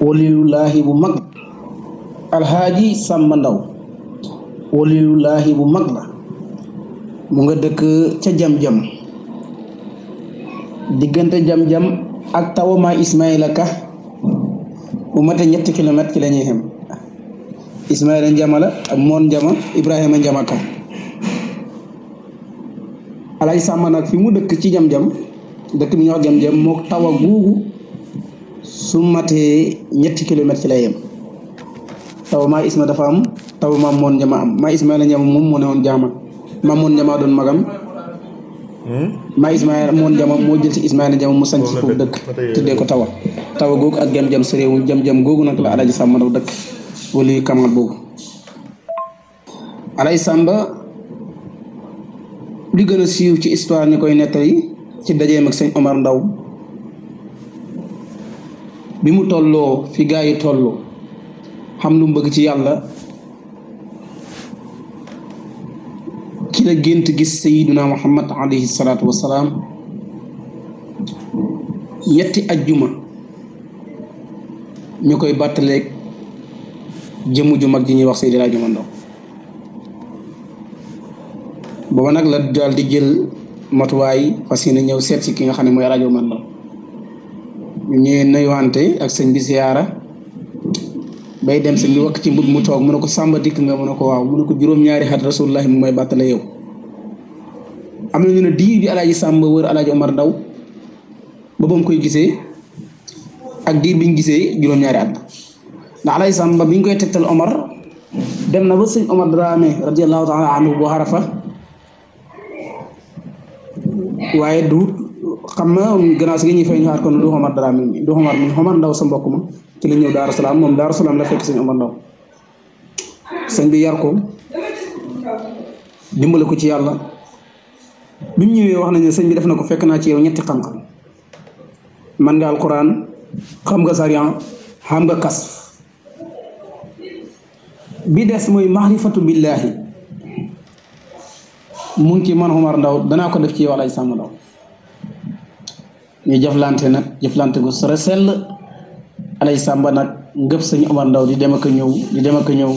waliyullaahi bu mag alhaji Samba Ndaw waliyullaahi bu mag la mu nga dëkk ca jam-jam diggante jam-jam ak tawama Ismaila Ka bu mate ñetti kilomètre ki la ñuy xem Ismaila Njama la ak moon Njama Ibrahima Njama alay Samba fi mu ci jam-jam dëkk bi wax jam-jam mok tawa gugu su matee ñetti kilomètre ci lay yem taw maa isma dafa am taw moon njama am maa ismaila njama moom moo ne woon jaama maam moon njama doon magam hmm? maa ismaila moon jama moo jël ci ismaila njama mu sanc foofu dëkk tuddee ko tawa tawa googu ak jam-jam soréewul jam-jam googu nag la alaji sàmba daw dëkk li gën a siiw ci histoire ñi koy nettali ci dajeem ak sëñ Omar Ndaw bi mu tolloo fi gaa yi toll xam lu mu ci yàlla ci la gént gis sayiduna muhammad alayhi salaatu wasalaam ñetti ajjuma ñu koy bàttaleeg jëmm ju mag ji ñuy wax Seydi Laaji Mandoon booba nag la daal di jël matuwaay fas yéene ñëw seet si ki nga xam ne mooy rajo Mandoon ñu ñëwee nuyuwante ak sëñ bi bay dem sëñ bi wakk ci mbub mu toog mu ne ko sàmba dikk nga mu ne ko waaw mu ne ko juróom-ñaari xat rasulullahi mu may bàttale yow am na ñu ne diir bi alaaji sàmba wër alaaji omar ndaw ba ba mu koy gisee ak diir biñ gisee juróom-ñaari at ndax alaaji sàmba bi koy tegtal omar dem na ba sëñ omar daraame radiallahu taala anhu bu xarafa waaye du xam na um, gannaaw si gi ñuy fay ñëwaat kon du Omar dara mi du la ñëw Daaru Salaam moom Daaru Salaam la fekk sëñ bi yar ko ko ci yàlla bi ñëwee wax nañu sëñ bi def na ko fekk naa ci yow ñetti xam-xam man nga alquran xam nga sariyan xam nga kas bi des mooy maarifatu billaahi mu ngi ci man Omar Ndaw danaa ko def ci yow alaaj sàmm Ndaw ñu jëflante nag jëflante gu sore sell alay sàmba nag sëñ Omar di dem ak ñëw di dem ak ñëw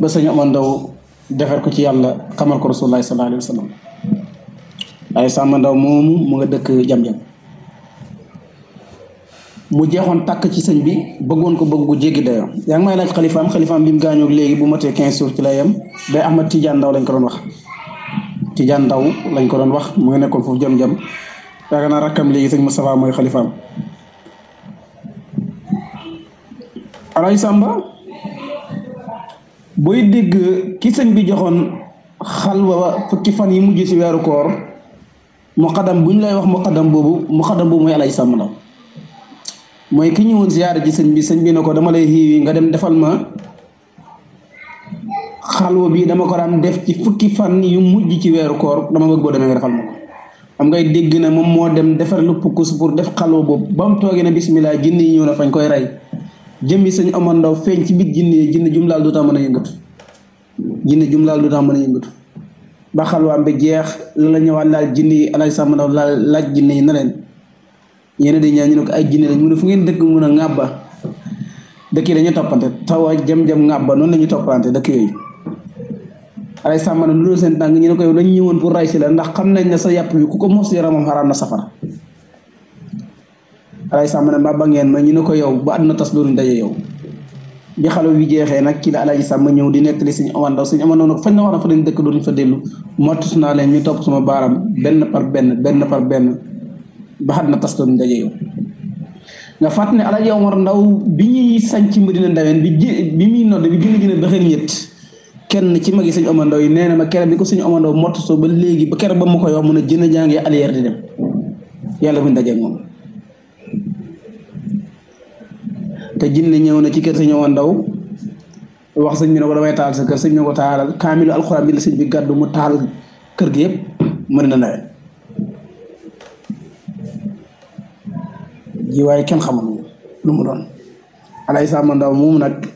ba sëñ Omar defar ko ci yàlla xamal ko rasulullah sallallahu alayhi wa sallam ndaw moomu mu dëkk jam-jam mu jeexoon tàkk ci sëñ bi bëggoon ko bëgg gu jéggi dayoo yaa ngi may laaj xalifaam xalifaam bi mu gaañoo léegi bu matee 15 jours ci lay yem day Ahmad Tidiane Ndaw lañ ko doon wax Tidiane Ndaw lañ ko doon wax mu ngi nekkoon foofu jam-jam yaakaar naa rakkam léegi sëñ Moustapha mooy xalifaam Alaaji Sàmba booy dégg ki sëñ bi joxoon xalwa fukki fan yi mujj ci weeru koor muqaddam bu ñu lay wax mu muqaddam boobu muqaddam boobu mooy Alaaji Sàmba la mooy ki ñëwoon ziyaara ji sëñ bi sëñ bi ne ko dama lay xiiwi nga dem defal ma xalwa bi dama ko daan def ci fukki fan yu mujj ci weeru koor dama bëgg boo demee nga defal ma am ngay dégg na moom moo dem defar lu pukkus pour def xaloo boobu ba mu toogee ne bisimilah jinne yi ñoo na fañ koy rey jëmmi sëñ Omar Ndaw feeñ ci biir jinne yi jinne jum laal du tax a yëngatu jinne jum laal du tax mën a yëngatu ba xalwaam bi jeex la la ñëwaat laal jinne yi alay sàmm ndaw laal laaj jinne yi na leen yéen di ñaa ñu ne ko ay jinne lañ mu ne fu ngeen dëkk mun a ŋàbba dëkk yi dañu toppante tawa jëm-jëm ŋàbba noonu la ñu toppante dëkk yooyu ray sàmm na lu sen tang ñu ne ko yow dañ ñewon pour ray ci la ndax xam kan nañ ne sa yap yu ku ko mos yaramam haram na safara ray sàmm na ba ngeen ma ñu ne ko yow ba adna tas dooruñ daje yow bi xalo wi jexé nak ki la alaaji sàmm ñew di nettali suñu aman ndaw suñu aman nak fañ na wara fa dañ dëkk dooruñ fa delu motus na leen ñu top sama baram ben par ben ben par ben ba adna tas dooruñ daje yow nga fatne ne alaaji omar ndaw bi sañ ci medina ndawen bi bi mi nodd bi gëna gëna gën a kenn ci magi sëñ Omar Ndaw yi nee na ma keroog bi ko sëñ Omar Ndaw mortasoo ba léegi ba ba ma ko yow mun a jën a jàngee aliyeer di yàlla buñ dajeeg moom te ñëw na ci kër sëñ Omar Ndaw wax sëñ bi ne taal sa bi ne bi la sëñ bi gàddu mu taal kër gi yëpp mën na nawet ji waaye kenn xamul lu mu doon alaysa Omar Ndaw moom nag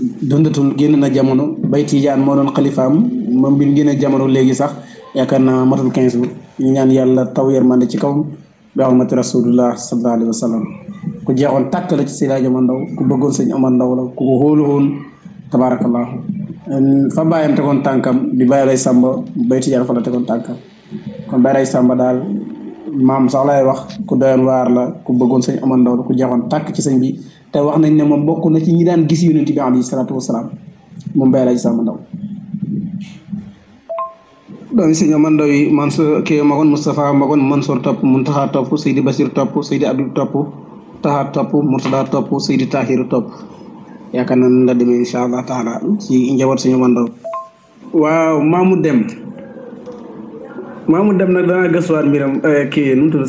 dundatul génn na jamono bay Tijaan moo noon xalifaam moom bi mu génne jamono léegi sax yaakaar naa matul 15 jours ñu ñaan yàlla taw de ci kaw bi xurmati rasulullah sallallahu alayhi wa sallam ku jeexoon tàkk la ci Seydi Hadji Omar Ndaw ku bëggoon sëñ Omar Ndaw la ku ko xóolu woon tabaarakallah tànkam bi bàyyi lay sàmba bay Tijaan fa tegoon tànkam kon bàyyi lay daal maam sax lay wax ku doyoon waar la ku bëggoon sëñ Omar Ndaw la ku jeexoon tàkk ci sëñ bi te wax nañ ne moom bokk na ci ñi daan gis yonent bi alayhi salatu wasalaam moom bay alayhi salaam ndaw doomi sëñ aman ndaw yi man sa ke magon mustapha magon mansoor top muntaha top seydi basir top, seydi abdul top, taha top, murtada top, seydi tahir top. yaaka na la demee insha allah taala ci njaboot sëñ man ndaw waaw mamu dem mamu dem nag danaa gëstuwaat mbiram eh, kii nu tudd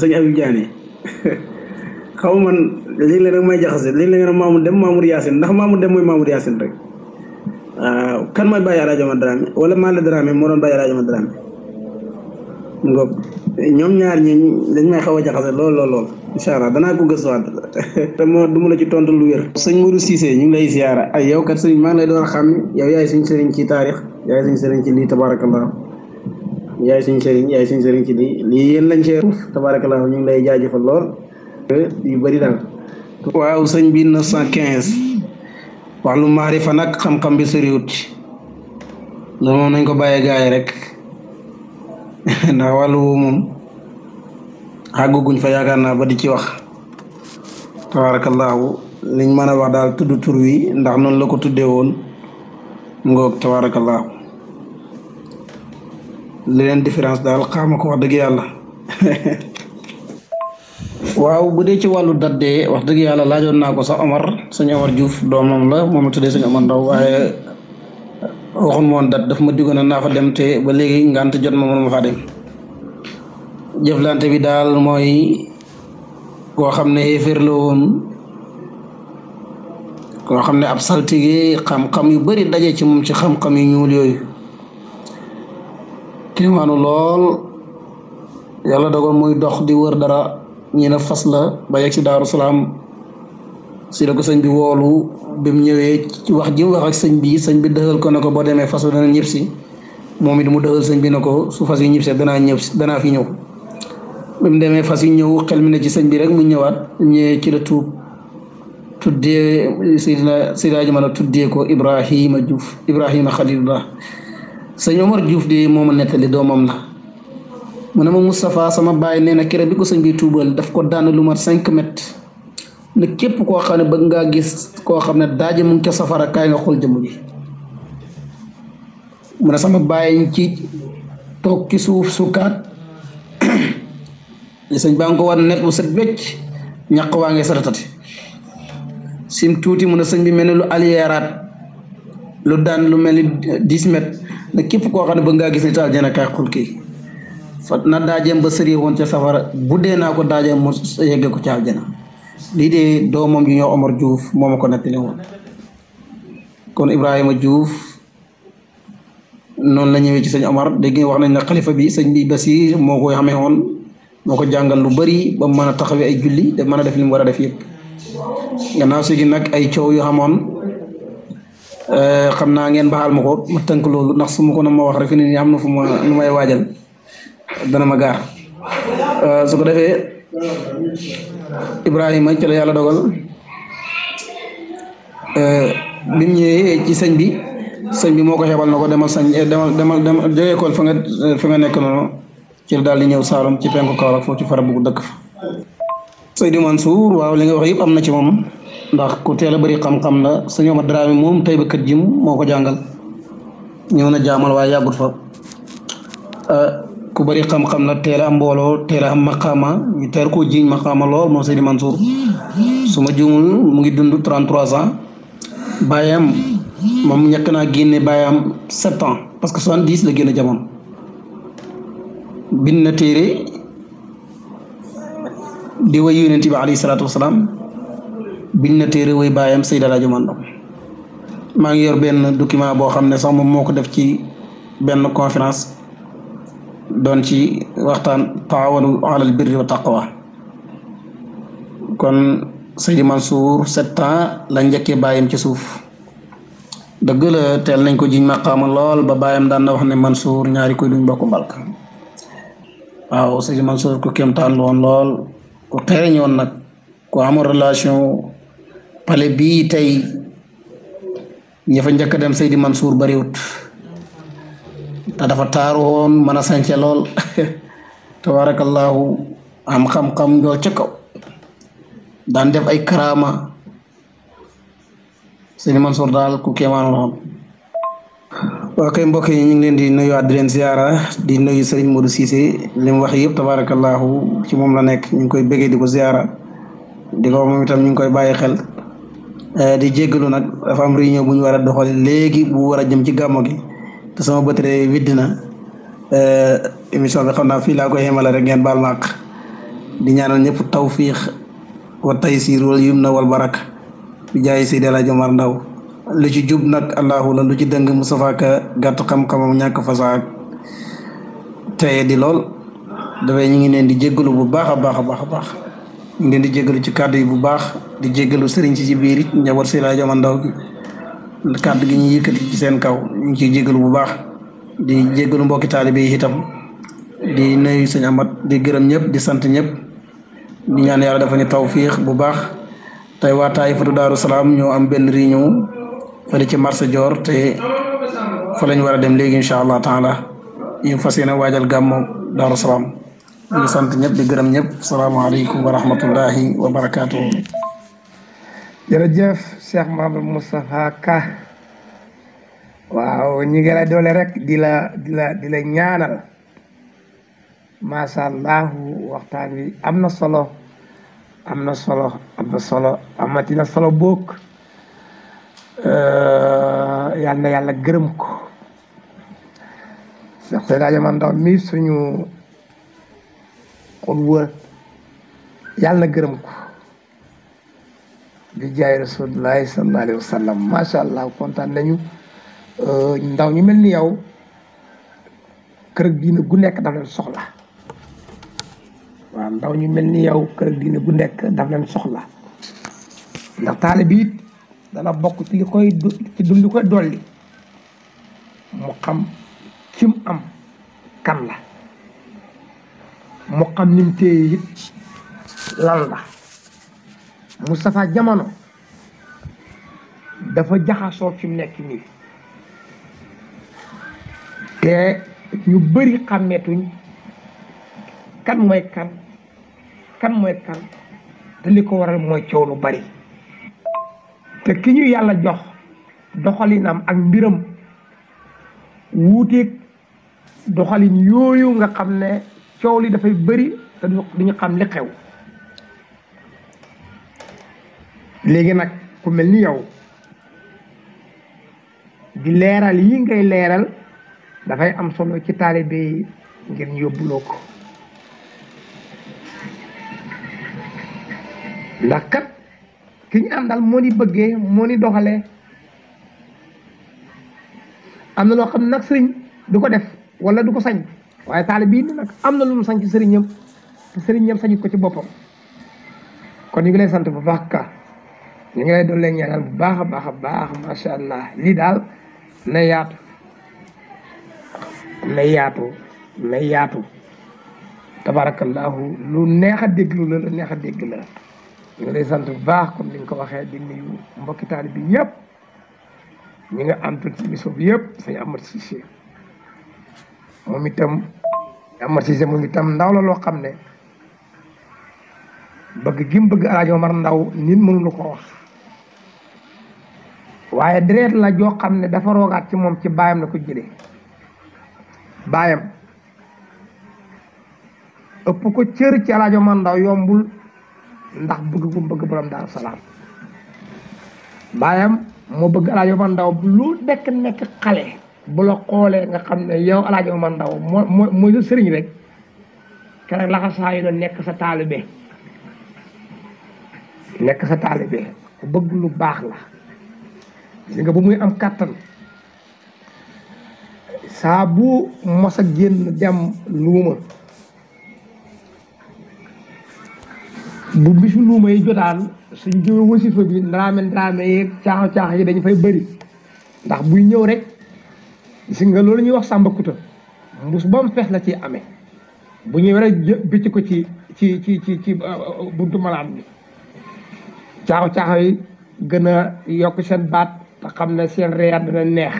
man lii la nag may jaxase lii la nga ne Mamour Deme Mamour Yacine ndax Mamour Deme mooy Mamour Yacine rek waaw ah, kan mooy Baye Yàlla Joma Dramé wala Malle Dramé moo doon Baye Yàlla Joma Dramé ngoog ñoom ñaar ñi dañ may xaw a jaxase lool lool lool incha allah danaa ko gëstuwaat te moo du ma la ci tontu lu wér. sëñ Modou Cissé ñu ngi lay ziara ay yow kat sëñ maa ngi lay door a xam yow yaay suñu sëriñ ci taarix yaay suñu sëriñ ci lii tabaarakallah yaay suñu sëriñ yaay suñu sëriñ ci lii lii yéen lañ cee tabaarakallah ñu ngi lay jaajëfal lool yu bëri daal. waaw sëñ bi neuf cent quinze wax lu maarifa nag xam-xam bi soriwut loolu moom nañ ko bàyyee gaay rek ndax wàllu moom xàgguguñ fa yaakaar naa ba di ci wax tabaarakallaahu liñ mën a wax daal tudd tur wi ndax noonu la ko tuddee woon ngoog tabaarakallaahu li leen différence daal xaama ko wax dëgg yàlla waaw bu dee ci wàllu dat de wax dëgg yàlla laajoon naa ko sax Omar suñu Omar juuf doomam la moom la tuddee suñu Omar Ndaw waaye waxuñ woon dat dafa ma diggoon naa fa dem te ba léegi ngant jot ma mënuma faa dem jëflante bi daal mooy koo xam ne yéeféer la woon koo xam ne ab saltige xam-xam yu bari daje ci moom ci xam-xam yu ñuul yooyu tiimaanu lool yàlla dogal muy dox di wër dara ñi ne fas la ba yegg si daaru salaam si la ko sëñ bi woolu bi ñëwee wax ji mu wax ak sëñ bi sëñ bi dëxal ko ne ko boo demee fas la dana si moom it mu dëxal sëñ bi ne ko su yi ñëpp danaa ñëw si danaa fi ñëw mu demee fas yi ñëw xel mi ne ci sëñ bi rek mu ñëwaat ñëwee ci la tuub tuddee Seydina Seydina Jumala tuddee ko juuf Ibrahima Diouf Ibrahima Khalilullah sëñ Omar Diouf di moom a nettali doomam na mu ne ma Moustapha sama baay nee na kere bi ko sëñ bi tuubal daf ko daan lu mat cinq mètres képp koo xam bëgg ngaa gis koo xam ne daaje mu ca safara kaay nga xool sama baay ci toog ci suuf sukkaat sëñ baa ngi ko bu set becc ñaq waa ngi saratati sim tuuti mun ne sëñ bi mel ni lu aliyeeraat lu daan lu mel ni dix mètres ne képp koo xam ne bëgg ngaa gis ni taal jën a xul kii fa na daajeem ba sëree woon ca safara buddee naa ko daajeem mu yegge ko ca aljana lii de doomam yu ñoo Omar Diouf moo ma ko nettali woon noonu la ñëwee ci sëñ dégg wax nañ ne xalifa bi sëñ bi Basiir moo koy xamee woon moo ko jàngal lu bari ba mu taxawee ay julli da mën a def li mu war a def yëpp gannaaw si nag ay coow yu xamoon eh, xam naa ngeen baxal ma ko ma tënk loolu ndax su ma ko na ma wax rek ni am na fu ma nu may waajal dana ma gaar euh, su ko defee Ibrahima ci la yàlla dogal euh, bi mu ñëwee ci sëñ bi sëñ bi moo ko xebal na ko demal sañ eh, demal demal demal jógee fa nga fa nekk noonu ci la daal di ñëw Saalum ci penku Kaolack foofu ci fara bu dëkk fa. Seydou Mansour waaw li nga wax am na ci moom ndax ku teel a bëri xam na la sëñ Omar Dramé moom tey ba kër jim moo ko jàngal ñëw na jaamal waaye yàggut fa. Euh, ku bari xam xam la teel mbolo mbooloo am maqama ñu teel ko jiñ maqama lool mo seydi mansour suma jumul mu ngi dund 33 ans bayam moom ñek na génne bayam 7 ans parce que 70 la génn jamon bin na téré di way yonente bi alayhi salatu wasalaam bin na téré way bayam seydi alaaji mandam ma ngi yor ben document bo xamné ne sax moom moo def ci ben conférence doon ci waxtaan taawanu alal birri wa kon Seydi Mansour sept ans la njëkkee bàyyam ci suuf dëgg la teel nañ ko jiñ maqaama lool ba bàyyam daan na wax ne Mansour ñaari koy duñ bokk mbalk waaw Seydi Mansour ku kéemtaan woon lool ku xereñ woon nag ku amoon relation pale bii tey ña fa njëkk dem Seydi Mansour bariwut te dafa taaru woon mën a sànce lool tabaarakallaahu am xam-xam joo ca kaw daan def ay karaama man Mansour daal ku kéemaan la woon waaw kay mbokk yi ñu ngi leen di nuyuwaat di leen ziara di nuyu sëriñ Modou Cissé li mu wax yëpp tabaarakallaahu ci moom la nekk ñu ngi koy bëggee di ko ziara di ko moom itam ñu ngi koy bàyyi xel eh, di jéggalu nag dafa am réunion bu ñu war a doxol léegi bu war a jëm ci gàmmo gi sama bët de widd na émission bi xam naa fii laa koy yemale rek ngeen di ñaanal ñëpp tawfiq wa taysir wal yumna wal baraka bi jaay si dela jomar ndaw lu jub nak allahu la lu ci dëng Moustapha Ka gàtt xam-xamam fasa fasaak teye di lool dafay ñu ngi leen di jéggalu bu bah, a baax a baax ngi di jéggalu ci bu baax di jéggalu sëriñ si ci biir kàddu gi ñu yëkkati ci seen kaw ñu ngi ciy jégalu bu baax di jégalu mbokki taalibe yi itam di nuyu sëñ Amat di gërëm ñëpp di sant ñëpp di ñaan yàlla dafa ñu tawfiix bu baax tey waa Taayifatu Daaru Salaam ñoo am benn réunion fële ci marché joor te fa lañ war a dem léegi incha allah taala ñu fas yéene waajal gàmmu Daaru Salaam ñu sant ñëpp di gërëm ñëpp salaamaaleykum wa rahmatullahi wa jërëjëf Cheikh Mamadou Moustapha Ka waaw ñi ngi doole rek di la di la di ñaanal macha allah waxtaan wi am na solo am na solo am na solo amati solo bokk euh, yal na yàlla gërëm ko Cheikh Seydou man ndaw mi suñu xulwa yàlla na gërëm ko. di jaay rasulullahi sallallahu alayhi wa sallam macha allah kontaan nañu euh, ndaw ñu mel ni yow kër diine gu nekk daf soxla waaw ndaw ñu mel ni yow kër diine gu nekk daf leen soxla ndax taale bi it dana bokk ci li koy ci du li koy dolli mu xam ci am kan la mu xam ni mu téye lan la. Moustapha jamono dafa jaxasoo fi mu nekk nii te ñu bëri xàmmeetuñ kan mooy kan kan mooy kan te li ko waral mooy coow lu bari te ki ñuy yàlla jox doxaliinam ak mbiram wuuteeg doxalin yooyu nga xam ne coow li dafay bëri te duñu xam li xew léegi nag ku mel ni yow di leeral yi ngay leeral dafay am solo ci taalibe yi ngir ñu yóbbuloo ko ndax kat ki ñu àndal moo ni bëggee moo ni doxalee am na loo xam nag sëriñ du ko def wala du ko sañ waaye taalibe yi nag am na lu mu sañ ci sëriñam te sëriñam sañut ko ci boppam kon ñu ngi lay sant bu baax ka ñu ngi lay doon ñaanal bu baax baax baax allah li dal na yaatu na yaatu na yaatu tabarakallah lu neexa a déglu la lu neex a la ñu lay sant bu baax comme ni ko waxee di nuyu mbokki taalibe bi yëpp ñi nga am ci émission bi yëpp sëñ ci Cissé moom itam Amar Cissé moom itam ndaw la loo xam ne bëgg gi mu bëgg El mar Ndaw nit mënu ko wax waaye deret la joo xam ne dafa roogaat ci moom ci baayam la ko jëlee baayam ëpp ko cër ci alaajo man ndaw yombul ndax bëgg gu bëgg borom daaru salaam baayam moo bëgg alaajo man ndaw lu nekk nekk xale bu la xoolee nga xam ne yow alaajo man ndaw moo mooy sa sëriñ rek keneen laxasaa yu na nekk sa taalibe nekk sa taalibe ku bëgg lu baax la nga bu muy am katan sa bu mos luma génn dem luma bu bisu luma yi suñu suñ wosi wasifa bi ndaraame ndaraame yi chaaw chaaw yi dañ fay bëri ndax buy ñew rek gis nga lolu ñuy wax sàmbakuta mbus bam fex la ci amé bu ñew rek bicc ko ci ci ci ci euh, euh, buntu malam bi chaaw yi gëna yok sen baat te xam ne seen reer dina neex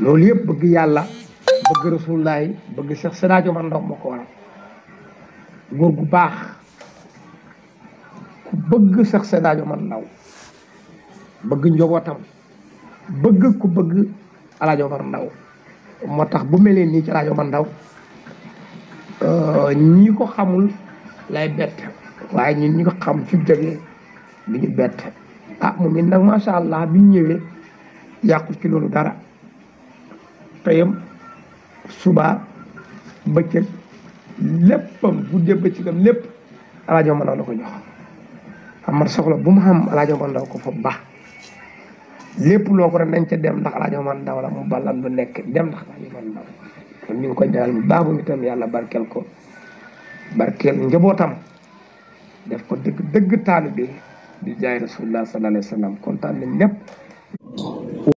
loolu yëpp bëgg yàlla bëgg rasulullaay bëgg Seex Seydi Omar Ndaw moo ko waral gu baax ku bëgg Seex Seydi Omar Ndaw bëgg njobootam bëgg ku bëgg Alaaji Omar Ndaw moo tax bu mel nii ci Alaaji Omar Ndaw euh, ñi ko xamul lay bett waaye ñun ñi ko xam fi mu jógee bi ñu bett ah moom it nag macha allah biñ ñëwee yàqu ci loolu dara teyam suba bëccëg léppam guddee bëccëgam lépp alaajo mën la ko am amar soxla bu mu xam alaajo mën ko fa baax lépp loo ko dañ ca dem ndax alaajo mën daw la mu ballam du nekk dem ndax alaajo mën daw kon ñu mu baax itam yàlla barkeel ko barkeel njabootam def ko dëgg dëgg bi di jaay rasulullah sallallahu alayhi wa sallam kontaan nañ ñëpp